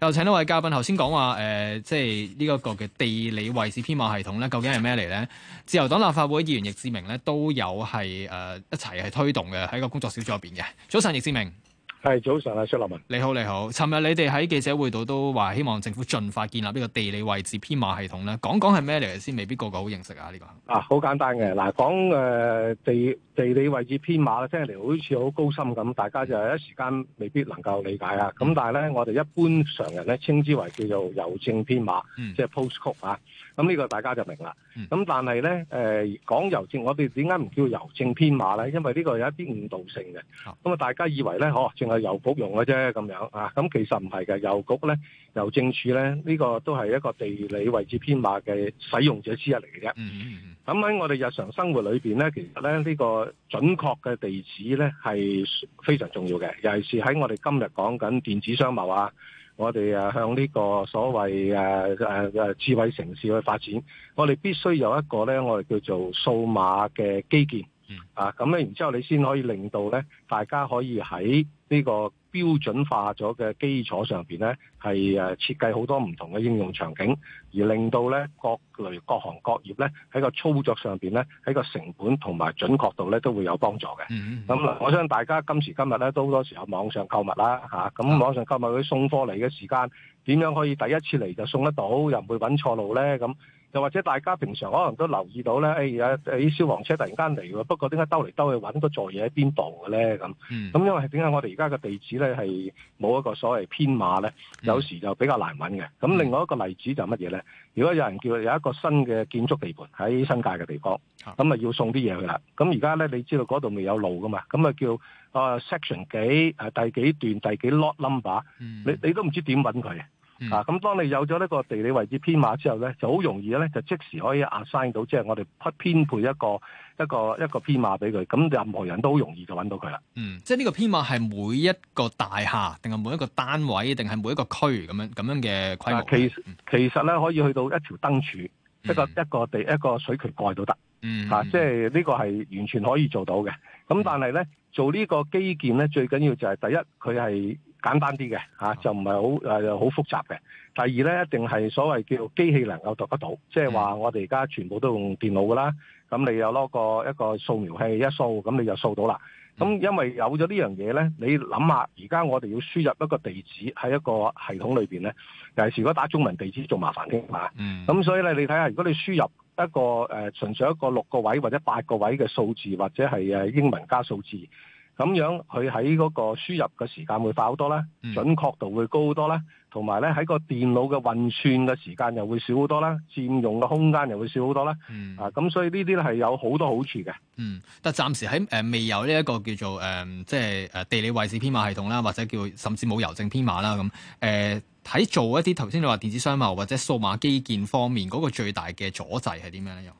又請到位嘉賓，頭先講話誒，即係呢一個嘅地理位置編碼系統咧，究竟係咩嚟咧？自由黨立法會議員易志明咧都有係誒、呃、一齊係推動嘅，喺個工作小組入邊嘅。早晨，易志明。係，早晨啊，薛立文。你好，你好。尋日你哋喺記者會度都話希望政府盡快建立呢個地理位置編碼系統咧。講講係咩嚟先？未必個個好認識啊，呢、這個。啊，好簡單嘅。嗱，講、呃、地地理位置編碼咧，聽起嚟好似好高深咁，大家就係一時間未必能夠理解啊。咁、嗯、但係咧，我哋一般常人咧稱之為叫做郵政編碼，嗯、即係 postcode 啊。咁、嗯、呢個大家就明啦。咁、嗯、但係咧誒講郵政，我哋點解唔叫郵政編碼咧？因為呢個有一啲誤導性嘅。咁啊，大家以為咧，好？啊郵局用嘅啫咁樣啊，咁其實唔係嘅，郵局咧、郵政署咧，呢、這個都係一個地理位置編碼嘅使用者之一嚟嘅啫。咁喺、嗯嗯嗯、我哋日常生活裏邊咧，其實咧呢、這個準確嘅地址咧係非常重要嘅，尤其是喺我哋今日講緊電子商貿啊,啊，我哋向呢個所謂誒誒誒智慧城市去發展，我哋必須有一個咧，我哋叫做數碼嘅基建。嗯、啊，咁咧，然之後你先可以令到咧，大家可以喺呢個標準化咗嘅基礎上面咧，係誒設計好多唔同嘅應用場景，而令到咧各類各行各業咧喺個操作上面咧，喺個成本同埋準確度咧都會有幫助嘅。咁、嗯嗯，我相信大家今時今日咧都好多時候網上購物啦，咁、啊、網上購物佢送貨嚟嘅時間點樣可以第一次嚟就送得到，又唔會揾錯路咧咁。又或者大家平常可能都留意到咧，哎呀啲、啊、消防車突然間嚟喎，不過點解兜嚟兜去揾個座嘢喺邊度嘅咧？咁咁、嗯、因為點解我哋而家嘅地址咧係冇一個所謂編碼咧，嗯、有時就比較難揾嘅。咁另外一個例子就乜嘢咧？嗯、如果有人叫有一個新嘅建築地盤喺新界嘅地方，咁啊要送啲嘢去啦。咁而家咧你知道嗰度未有路噶嘛？咁啊叫啊、uh, section 幾啊、uh, 第幾段第幾 lot number，、嗯、你你都唔知點揾佢。嗯、啊！咁當你有咗呢個地理位置編碼之後咧，就好容易咧就即時可以 assign 到，即係我哋編配一個一個一個編碼俾佢。咁任何人都好容易就揾到佢啦。嗯，即係呢個編碼係每一個大廈，定係每一個單位，定係每一個區咁樣咁樣嘅規模。啊、其實咧可以去到一條燈柱，嗯、一個一個地一個水渠蓋都得、嗯。嗯。啊，即係呢個係完全可以做到嘅。咁但係咧、嗯、做呢個基建咧，最緊要就係第一佢係。簡單啲嘅嚇，就唔係好好複雜嘅。第二咧，一定係所謂叫機器能夠讀得到，即係話我哋而家全部都用電腦噶啦。咁你又攞個一個掃描器一掃，咁你就掃到啦。咁因為有咗呢樣嘢咧，你諗下，而家我哋要輸入一個地址喺一個系統裏邊咧，尤其係如果打中文地址仲麻煩啲嘛？咁、嗯、所以咧，你睇下，如果你輸入一個誒純粹一個六個位或者八個位嘅數字，或者係英文加數字。咁樣佢喺嗰個輸入嘅時間會快好多啦，準確度會高好多啦，同埋咧喺個電腦嘅運算嘅時間又會少好多啦，佔用嘅空間又會少好多啦。嗯、啊，咁所以呢啲咧係有好多好處嘅。嗯，但暫時喺、呃、未有呢一個叫做、呃、即係地理位置編碼系統啦，或者叫甚至冇郵政編碼啦咁。誒喺、呃、做一啲頭先你話電子商貿或者數碼基建方面嗰個最大嘅阻滯係啲咩咧？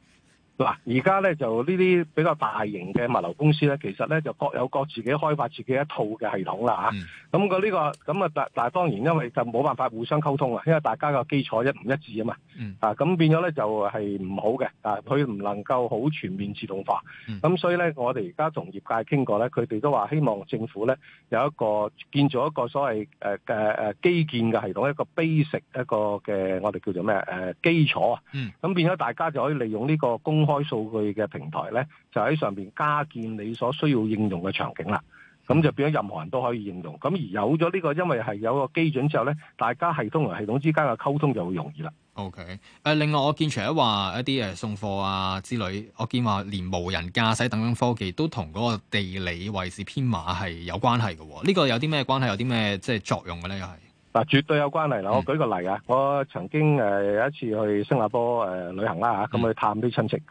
嗱，而家咧就呢啲比較大型嘅物流公司咧，其實咧就各有各自己開發自己一套嘅系統啦嚇。咁個呢個咁啊，那個這個、但但係當然因為就冇辦法互相溝通啊，因為大家個基礎一唔一致啊嘛。嗯、啊咁變咗咧就係唔好嘅，啊佢唔能夠好全面自動化。咁、嗯、所以咧，我哋而家同業界傾過咧，佢哋都話希望政府咧有一個建造一個所謂誒誒誒基建嘅系統，一個 basic 一個嘅我哋叫做咩誒、啊、基礎、嗯、啊。咁變咗大家就可以利用呢個公開數據嘅平台呢，就喺上面加建你所需要應用嘅場景啦。咁就變咗任何人都可以應用。咁而有咗呢個，因為係有一個基準之後呢，大家系統同系統之間嘅溝通就會容易啦。OK 誒，另外我見除咗話一啲誒送貨啊之類，我見話連無人駕駛等等科技都同嗰個地理位置編碼係有關係嘅。呢個有啲咩關係？有啲咩即係作用嘅呢？又係？啊，絕對有關係啦！我舉個例啊，嗯、我曾經誒有一次去新加坡誒、呃、旅行啦嚇，咁去探啲親戚，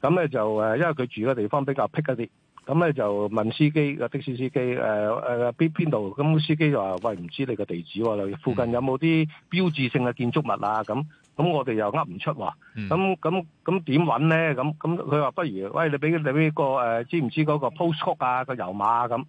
咁咧就誒因為佢住嘅地方比較僻一啲，咁咧就問司機個的、啊、士司機誒誒邊邊度，咁、呃、司機就話：喂、哎，唔知你個地址喎，附近有冇啲標誌性嘅建築物啊？咁咁我哋又呃唔出喎，咁咁咁點揾咧？咁咁佢話不如，喂，你俾你俾、嗰個誒、啊、知唔知嗰個 post code 啊個郵碼啊咁。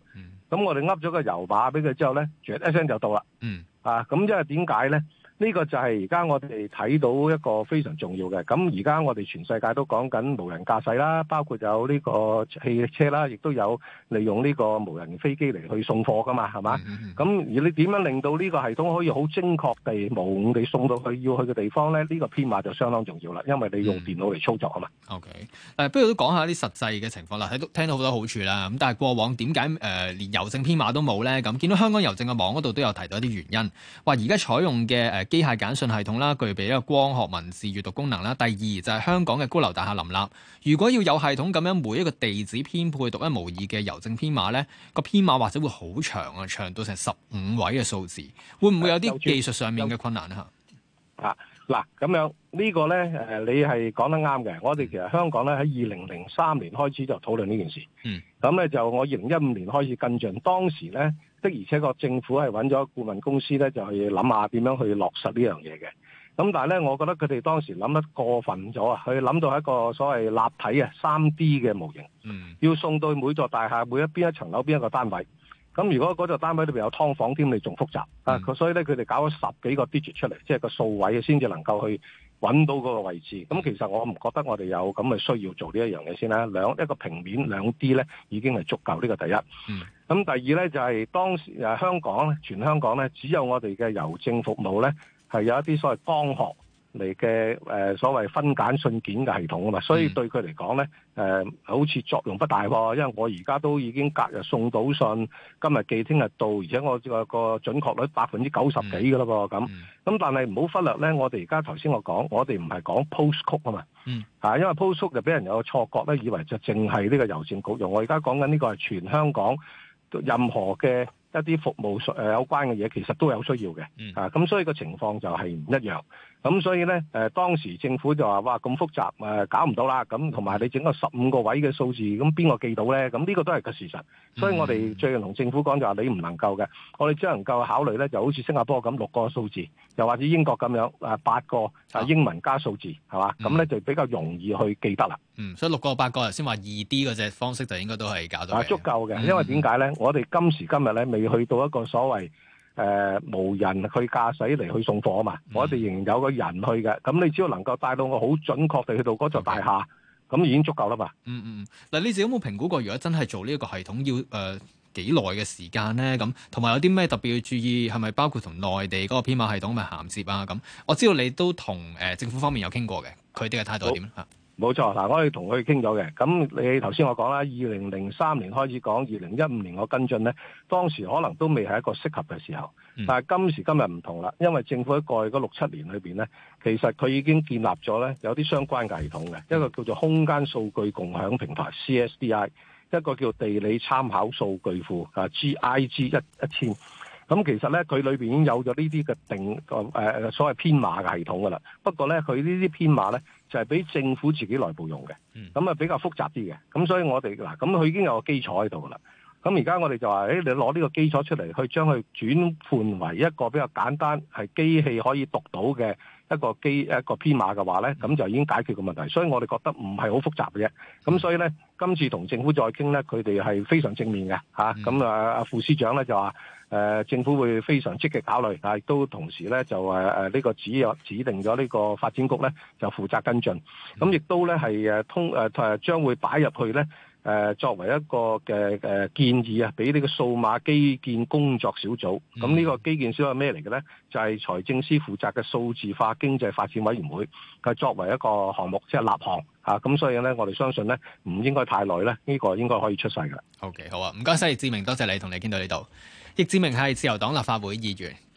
咁我哋呃咗個郵碼俾佢之後咧，一聲就到啦。嗯，啊，咁因為點解咧？呢個就係而家我哋睇到一個非常重要嘅，咁而家我哋全世界都講緊無人駕駛啦，包括有呢個汽車啦，亦都有利用呢個無人飛機嚟去送貨㗎嘛，係嘛？咁、mm hmm. 而你點樣令到呢個系統可以好精確地無誤地送到佢要去嘅地方呢？呢、呢個編碼就相當重要啦，因為你用電腦嚟操作啊嘛。OK，誒、呃，不如都講下啲實際嘅情況啦。喺聽到好多好處啦，咁但係過往點解誒連郵政編碼都冇呢？咁見到香港郵政嘅網嗰度都有提到一啲原因，話而家採用嘅誒。呃機械簡訊系統啦，具備一個光學文字閱讀功能啦。第二就係香港嘅高樓大廈林立，如果要有系統咁樣每一個地址編配獨一無二嘅郵政編碼呢，個編碼或者會好長啊，長到成十五位嘅數字，會唔會有啲技術上面嘅困難呢？嚇！嗱、嗯，咁樣呢個呢，誒，你係講得啱嘅。我哋其實香港呢，喺二零零三年開始就討論呢件事，嗯，咁呢就我二零一五年開始跟進，當時呢。而且個政府係揾咗顧問公司咧，就係諗下點樣去落實呢樣嘢嘅。咁但係咧，我覺得佢哋當時諗得過分咗啊！佢諗到一個所謂立體嘅三 D 嘅模型，要送到每座大廈每一邊一層樓邊一個單位。咁如果嗰座單位裏邊有劏房添，你仲複雜啊！佢所以咧，佢哋搞咗十幾個 digit 出嚟，即係個數位先至能夠去。揾到嗰個位置，咁其實我唔覺得我哋有咁嘅需要做呢一樣嘢先啦。兩一個平面兩 D 咧已經係足夠呢、呢個第一。咁、嗯、第二咧就係當時誒香港咧，全香港咧只有我哋嘅郵政服務咧係有一啲所謂幫學。嚟嘅，誒所謂分揀信件嘅系統啊嘛，所以對佢嚟講咧，誒、嗯呃、好似作用不大，因為我而家都已經隔日送到信，今日寄，聽日到，而且我個個準確率百分之九十幾嘅咯噃咁。咁但係唔好忽略咧，我哋而家頭先我講，我哋唔係講 post code 啊嘛，嚇、嗯，因為 post code 就俾人有錯覺咧，以為就淨係呢個郵政局用。我而家講緊呢個係全香港任何嘅。一啲服務誒有關嘅嘢其實都有需要嘅，嗯、啊咁所以個情況就係唔一樣。咁所以咧誒、呃、當時政府就話：哇咁複雜誒、呃、搞唔到啦。咁同埋你整個十五個位嘅數字，咁邊個記到咧？咁呢個都係個事實。所以我哋最近同政府講就話你唔能夠嘅，我哋只能夠考慮咧，就好似新加坡咁六個數字，又或者英國咁樣誒、啊、八個啊英文加數字，係嘛？咁咧、嗯、就比較容易去記得啦。嗯，所以六個八個頭先話易啲嗰隻方式就應該都係搞到足夠嘅，因為點解咧？我哋今時今日咧未。去到一個所謂誒、呃、無人去駕駛嚟去送貨嘛，嗯、我哋仍然有個人去嘅。咁你只要能夠帶到我好準確地去到嗰座大廈，咁、嗯、已經足夠啦嘛。嗯嗯，嗱，你自己有冇評估過？如果真係做呢個系統要，要誒幾耐嘅時間咧？咁同埋有啲咩特別要注意？係咪包括同內地嗰個編碼系統咪銜接啊？咁我知道你都同誒、呃、政府方面有傾過嘅，佢哋嘅態度點冇錯，嗱，我哋同佢傾咗嘅。咁你頭先我講啦，二零零三年開始講，二零一五年我跟進咧，當時可能都未係一個適合嘅時候。但係今時今日唔同啦，因為政府喺過去嗰六七年裏面咧，其實佢已經建立咗咧有啲相關嘅系統嘅，嗯、一個叫做空間數據共享平台 （CSDI），一個叫地理參考數據庫啊 （GIG 一一千）。咁其實咧，佢裏邊已經有咗呢啲嘅定誒、呃、所謂編碼嘅系統噶啦。不過咧，佢呢啲編碼咧就係、是、俾政府自己內部用嘅。咁啊、嗯、比較複雜啲嘅。咁所以我哋嗱，咁佢已經有個基礎喺度噶啦。咁而家我哋就話，誒、欸，你攞呢個基礎出嚟，去將佢轉換為一個比較簡單，係機器可以讀到嘅一個機一個編碼嘅話咧，咁就已經解決個問題。所以我哋覺得唔係好複雜嘅啫。咁所以咧，今次同政府再傾咧，佢哋係非常正面嘅嚇。咁啊、嗯、啊，副司長咧就話。誒，政府會非常積極考慮，但亦都同時咧就誒誒呢個指指定咗呢個發展局咧就負責跟進，咁亦都咧係誒通誒誒將會擺入去咧誒作為一個嘅建議啊，俾呢個數碼基建工作小組。咁呢、嗯、個基建小組咩嚟嘅咧？就係、是、財政司負責嘅數字化經濟發展委員會，佢作為一個項目即係立項吓。咁所以咧我哋相信咧唔應該太耐咧，呢、這個應該可以出世啦。O K，好啊，唔該曬志明，多謝你同你傾到呢度。易志明係自由黨立法會議員。